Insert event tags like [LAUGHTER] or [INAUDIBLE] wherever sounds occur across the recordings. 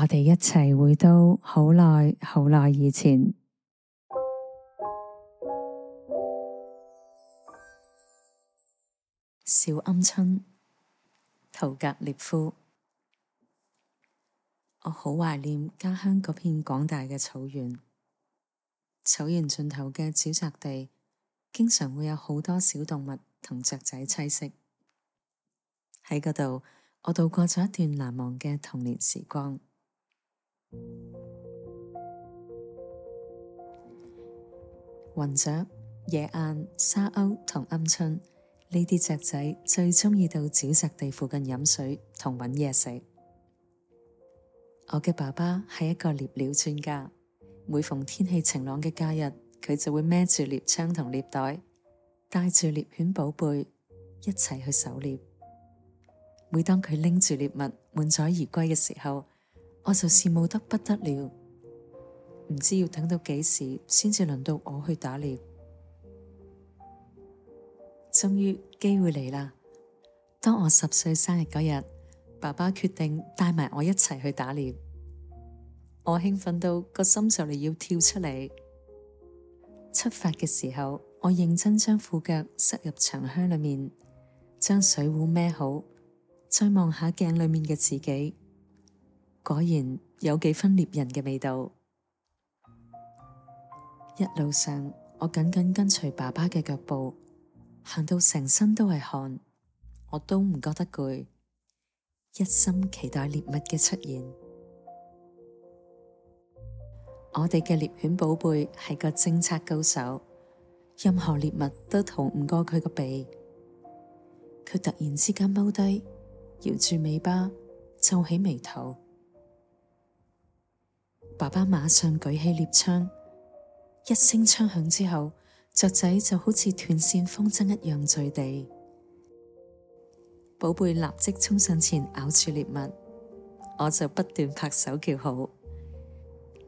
我哋一齊回到好耐好耐以前，小鵪鶉，屠格涅夫。我好懷念家鄉嗰片廣大嘅草原，草原盡頭嘅沼澤地，經常會有好多小動物同雀仔棲息喺嗰度。我度過咗一段難忘嘅童年時光。雲雀、野雁、沙鷗同鵪鶉，呢啲雀仔最鍾意到沼澤地附近飲水同揾嘢食。我嘅爸爸係一個獵鳥專家，每逢天氣晴朗嘅假日，佢就會孭住獵槍同獵袋，帶住獵犬寶貝一齊去狩獵。每當佢拎住獵物滿載而歸嘅時候，我就羨慕得不得了，唔知要等到幾時先至輪到我去打獵。終於機會嚟啦！當我十歲生日嗰日，爸爸決定帶埋我一齊去打獵。我興奮到個心就嚟要跳出嚟。出發嘅時候，我認真將褲腳塞入長靴裏面，將水壺孭好，再望下鏡裏面嘅自己。果然有幾分獵人嘅味道。一路上，我緊緊跟隨爸爸嘅腳步，行到成身都係汗，我都唔覺得攰，一心期待獵物嘅出現。我哋嘅獵犬寶貝係個偵察高手，任何獵物都逃唔過佢個鼻。佢突然之間踎低，搖住尾巴，皺起眉頭。爸爸馬上舉起獵槍，一聲槍響之後，雀仔就好似斷線風箏一樣墜地。寶貝立即衝上前咬住獵物，我就不斷拍手叫好，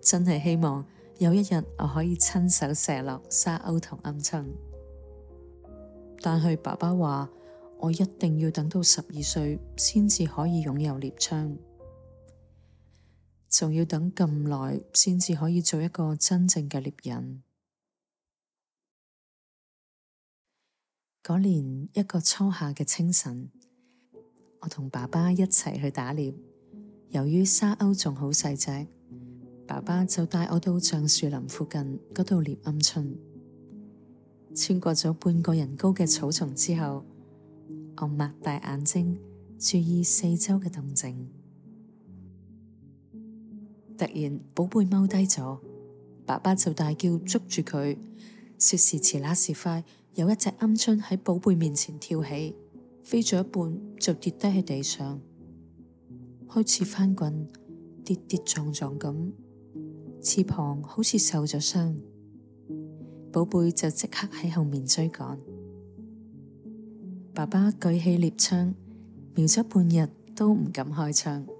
真係希望有一日我可以親手射落沙鷗同鵪鶉。但係爸爸話，我一定要等到十二歲先至可以擁有獵槍。仲要等咁耐，先至可以做一個真正嘅獵人。嗰年一個初夏嘅清晨，我同爸爸一齊去打獵。由於沙鷗仲好細隻，爸爸就帶我到橡樹林附近嗰度獵鵪鶉。穿過咗半個人高嘅草叢之後，我擘大眼睛，注意四周嘅動靜。突然，寶貝踎低咗，爸爸就大叫捉住佢。說時遲那時快，有一隻鵪鶉喺寶貝面前跳起，飛咗一半就跌低喺地上，開始翻滾，跌跌撞撞咁，翅膀好似受咗傷。寶貝就即刻喺後面追趕，爸爸舉起獵槍，瞄咗半日都唔敢開槍。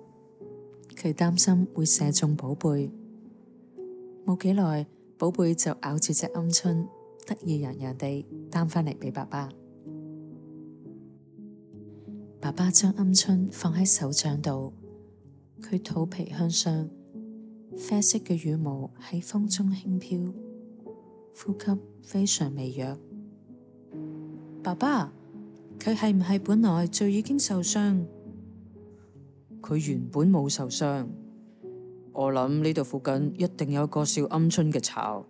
佢擔心會射中寶貝，冇幾耐，寶貝就咬住隻鵪鶉，得意洋洋地擔翻嚟畀爸爸。爸爸將鵪鶉放喺手掌度，佢肚皮向上，啡色嘅羽毛喺風中輕飄，呼吸非常微弱。爸爸，佢係唔係本來就已經受傷？佢原本冇受傷，我諗呢度附近一定有一個小鵪鶉嘅巢。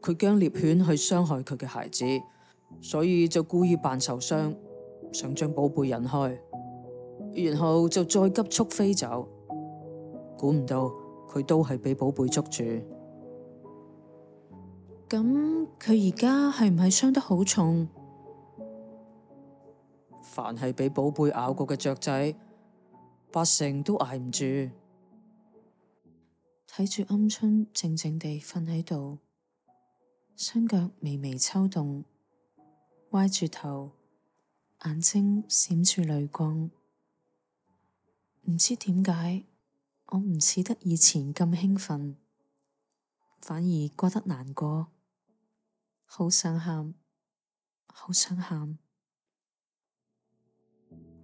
佢驚獵犬去傷害佢嘅孩子，所以就故意扮受傷，想將寶貝引開，然後就再急速飛走。估唔到佢都係俾寶貝捉住。咁佢而家係唔係傷得好重？凡係俾寶貝咬過嘅雀仔。八成都捱唔住，睇住鵪鶉靜靜地瞓喺度，雙腳微微抽動，歪住頭，眼睛閃住淚光。唔知點解，我唔似得以前咁興奮，反而覺得難過，好想喊，好想喊。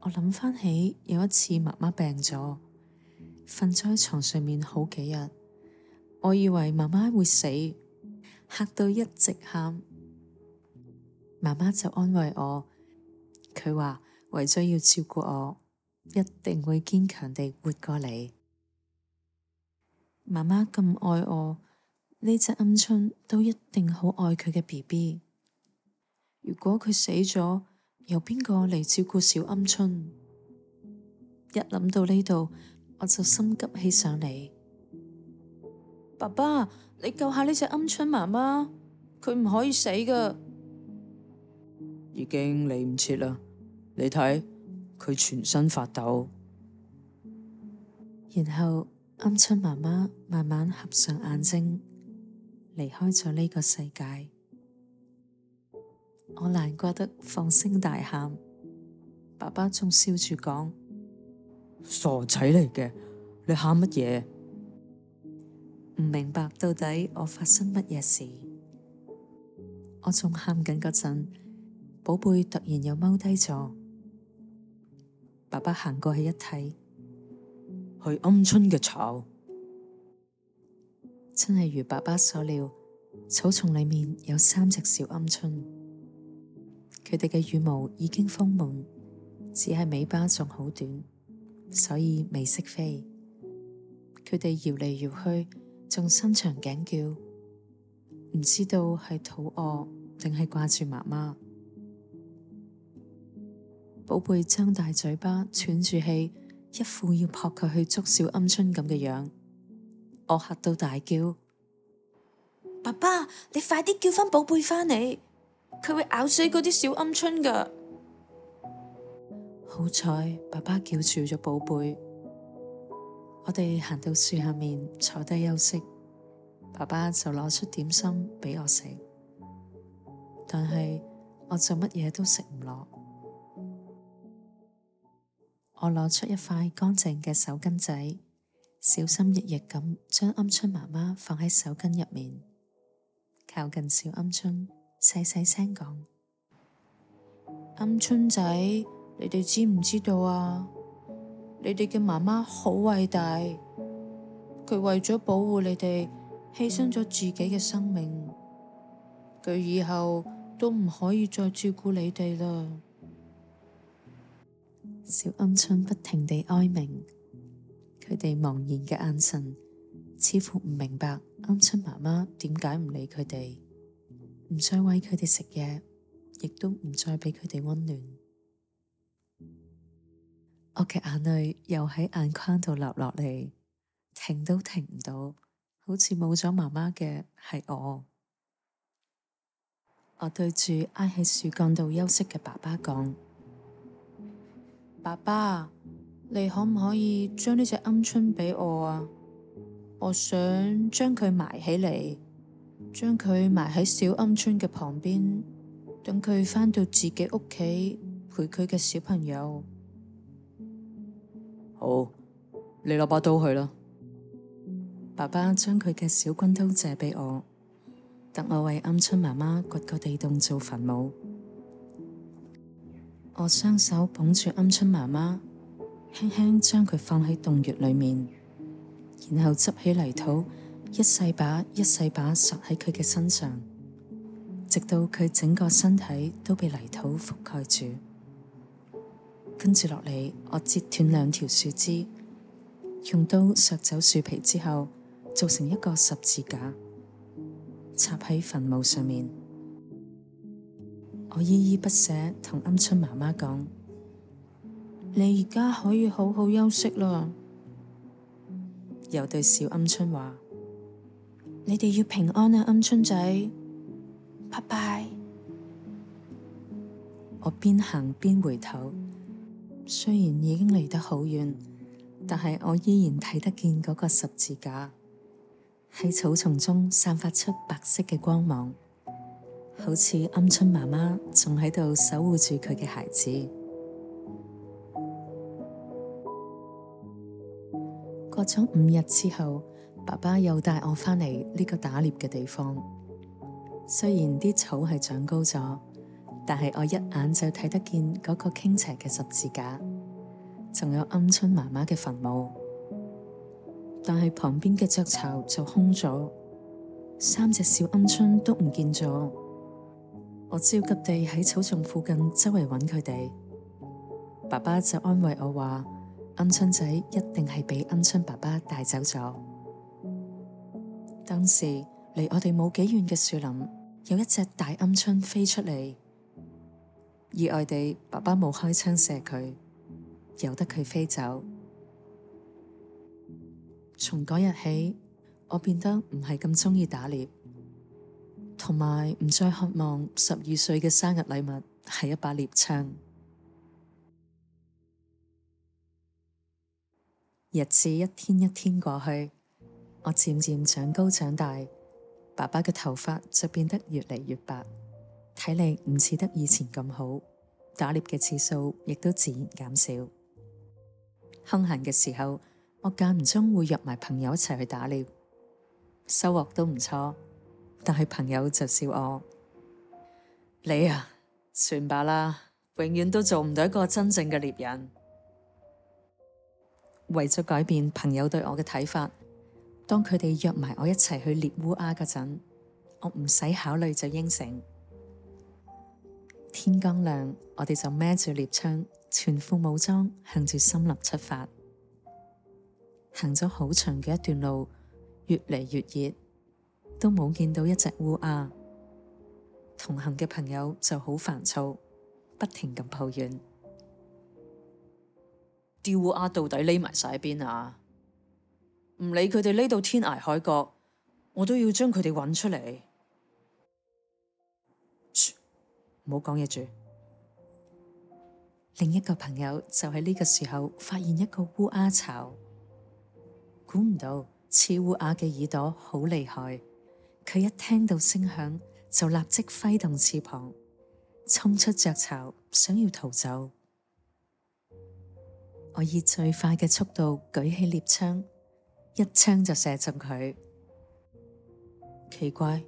我諗翻起有一次媽媽，媽媽病咗，瞓喺床上面好幾日。我以為媽媽會死，嚇到一直喊。媽媽就安慰我，佢話為咗要照顧我，一定會堅強地活過嚟。媽媽咁愛我，呢隻鵪鶉都一定好愛佢嘅 BB。如果佢死咗，由邊個嚟照顧小鵪鶉？一諗到呢度，我就心急起上嚟。爸爸，你救下呢隻鵪鶉媽媽，佢唔可以死㗎。已經嚟唔切啦！你睇，佢全身發抖，然後鵪鶉媽媽慢慢合上眼睛，離開咗呢個世界。我難過得放聲大喊，爸爸仲笑住講：傻仔嚟嘅，你喊乜嘢？唔明白到底我發生乜嘢事？我仲喊緊嗰陣，寶貝突然又踎低咗。爸爸行過去一睇，係鵪鶉嘅巢，真係如爸爸所料，草叢裏面有三隻小鵪鶉。佢哋嘅羽毛已經豐滿，只係尾巴仲好短，所以未識飛。佢哋搖嚟搖去，仲伸長頸叫，唔知道係肚餓定係掛住媽媽。寶貝張大嘴巴喘住氣，一副要撲佢去捉小鵪鶉咁嘅樣，我嚇到大叫：「爸爸，你快啲叫翻寶貝翻嚟！佢會咬死嗰啲小鵪鶉噶，好彩爸爸叫住咗寶貝，我哋行到樹下面坐低休息。爸爸就攞出點心俾我食，但係我做乜嘢都食唔落。我攞出一塊乾淨嘅手巾仔，小心翼翼咁將鵪鶉媽媽放喺手巾入面，靠近小鵪鶉。細細聲講，鵪鶉仔，你哋知唔知道啊？你哋嘅媽媽好偉大，佢為咗保護你哋，犧牲咗自己嘅生命，佢以後都唔可以再照顧你哋啦。小鵪鶉不停地哀鳴，佢哋茫然嘅眼神，似乎唔明白鵪鶉媽媽點解唔理佢哋。唔再餵佢哋食嘢，亦都唔再畀佢哋溫暖。我嘅眼淚又喺眼眶度流落嚟，停都停唔到，好似冇咗媽媽嘅係我。 [MUSIC] 我對住挨喺樹幹度休息嘅爸爸講：「 [MUSIC] 爸爸，你可唔可以將呢隻鵪鶉畀我啊？我想將佢埋起嚟。將佢埋喺小鵪鶉嘅旁邊，等佢返到自己屋企陪佢嘅小朋友。好，你攞把刀去啦。爸爸將佢嘅小軍刀借畀我，等我為鵪鶉媽媽掘個地洞做墳墓。我雙手捧住鵪鶉媽媽，輕輕將佢放喺洞穴裏面，然後執起泥土。一細把一細把撒喺佢嘅身上，直到佢整個身體都被泥土覆蓋住。跟住落嚟，我截斷兩條樹枝，用刀削走樹皮之後，做成一個十字架，插喺墳墓上面。我依依不捨同鵪鶉媽媽講：你而家可以好好休息啦。又對小鵪鶉話。你哋要平安啊，鵪鶉仔，拜拜！我邊行邊回頭，雖然已經離得好遠，但係我依然睇得見嗰個十字架喺草叢中散發出白色嘅光芒，好似鵪鶉媽媽仲喺度守護住佢嘅孩子。過咗五日之後。爸爸又帶我返嚟呢個打獵嘅地方，雖然啲草係長高咗，但係我一眼就睇得見嗰個傾斜嘅十字架，仲有鵪鶉媽媽嘅墳墓，但係旁邊嘅雀巢就空咗，三隻小鵪鶉都唔見咗。我焦急地喺草叢附近周圍揾佢哋，爸爸就安慰我話：鵪鶉仔一定係俾鵪鶉爸爸帶走咗。當時離我哋冇幾遠嘅樹林，有一隻大鵪鶉飛出嚟，意外地爸爸冇開槍射佢，由得佢飛走。從嗰日起，我變得唔係咁鍾意打獵，同埋唔再渴望十二歲嘅生日禮物係一把獵槍。日子一天一天過去。我漸漸長高長大，爸爸嘅頭髮就變得越嚟越白，體力唔似得以前咁好，打獵嘅次數亦都自然減少。空閒嘅時候，我間唔中會約埋朋友一齊去打獵，收穫都唔錯，但係朋友就笑我，你呀，啊，算罷啦，永遠都做唔到一個真正嘅獵人。為咗改變朋友對我嘅睇法，當佢哋約埋我一齊去獵烏鴉嗰陣，我唔使考慮就應承。天剛亮，我哋就孭住獵槍，全副武裝，向住森林出發。行咗好長嘅一段路，越嚟越熱，都冇見到一隻烏鴉。同行嘅朋友就好煩躁，不停咁抱怨：啲烏鴉到底匿埋晒喺邊啊？唔理佢哋匿到天涯海角，我都要將佢哋搵出嚟。噓。唔好講嘢住。另一個朋友就喺呢個時候發現一個烏鴉巢。估唔到，似烏鴉嘅耳朵好厲害，佢一聽到聲響就立即揮動翅膀衝出雀巢，想要逃走。我以最快嘅速度舉起獵槍。一槍就射中佢。奇怪，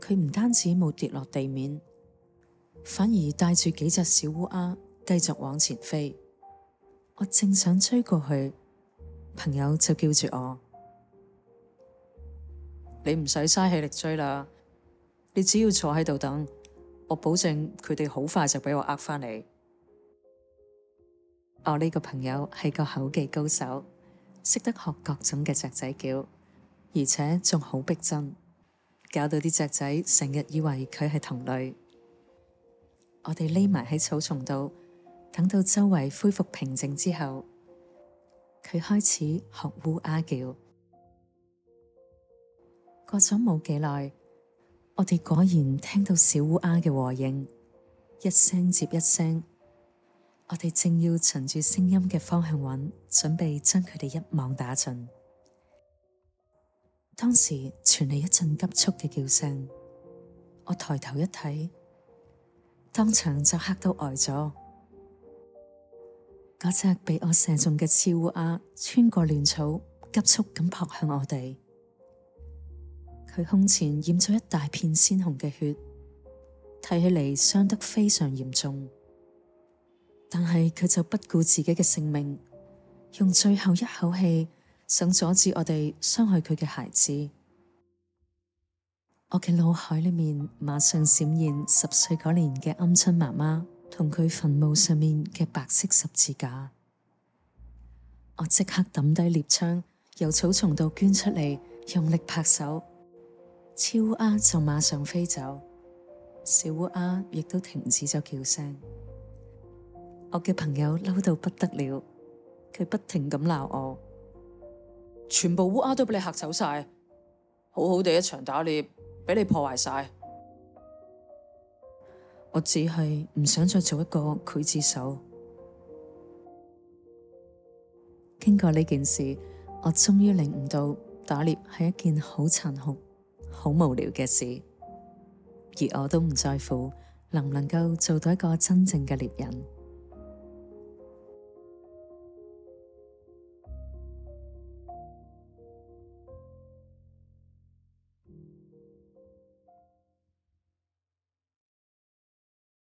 佢唔單止冇跌落地面，反而帶住幾隻小烏鴉繼續往前飛。我正想追過去，朋友就叫住我：「你唔使嘥氣力追啦，你只要坐喺度等，我保證佢哋好快就畀我呃返你。我呢個朋友係個口技高手。識得學各種嘅雀仔叫，而且仲好逼真，搞到啲雀仔成日以為佢係同類。我哋匿埋喺草叢度，等到周圍恢復平靜之後，佢開始學烏鴉叫。過咗冇幾耐，我哋果然聽到小烏鴉嘅和應，一聲接一聲。我哋正要循住聲音嘅方向揾，準備將佢哋一網打盡。當時傳嚟一陣急速嘅叫聲，我抬頭一睇，當場就嚇到呆咗。嗰隻被我射中嘅刺烏鴉穿過亂草，急速咁撲向我哋。佢胸前染咗一大片鮮紅嘅血，睇起嚟傷得非常嚴重。但係佢就不顧自己嘅性命，用最後一口氣想阻止我哋傷害佢嘅孩子。我嘅腦海裏面馬上閃現十歲嗰年嘅鵪鶉媽媽同佢墳墓上面嘅白色十字架。我即刻抌低獵槍，由草叢度捐出嚟，用力拍手。超鴉，就馬上飛走，小烏鴉亦都停止咗叫聲。我嘅朋友嬲到不得了，佢不停咁鬧我，全部烏鴉都畀你嚇走晒，好好地一場打獵畀你破壞晒。我只係唔想再做一個劊子手。經過呢件事，我終於領悟到打獵係一件好殘酷、好無聊嘅事，而我都唔在乎能唔能夠做到一個真正嘅獵人。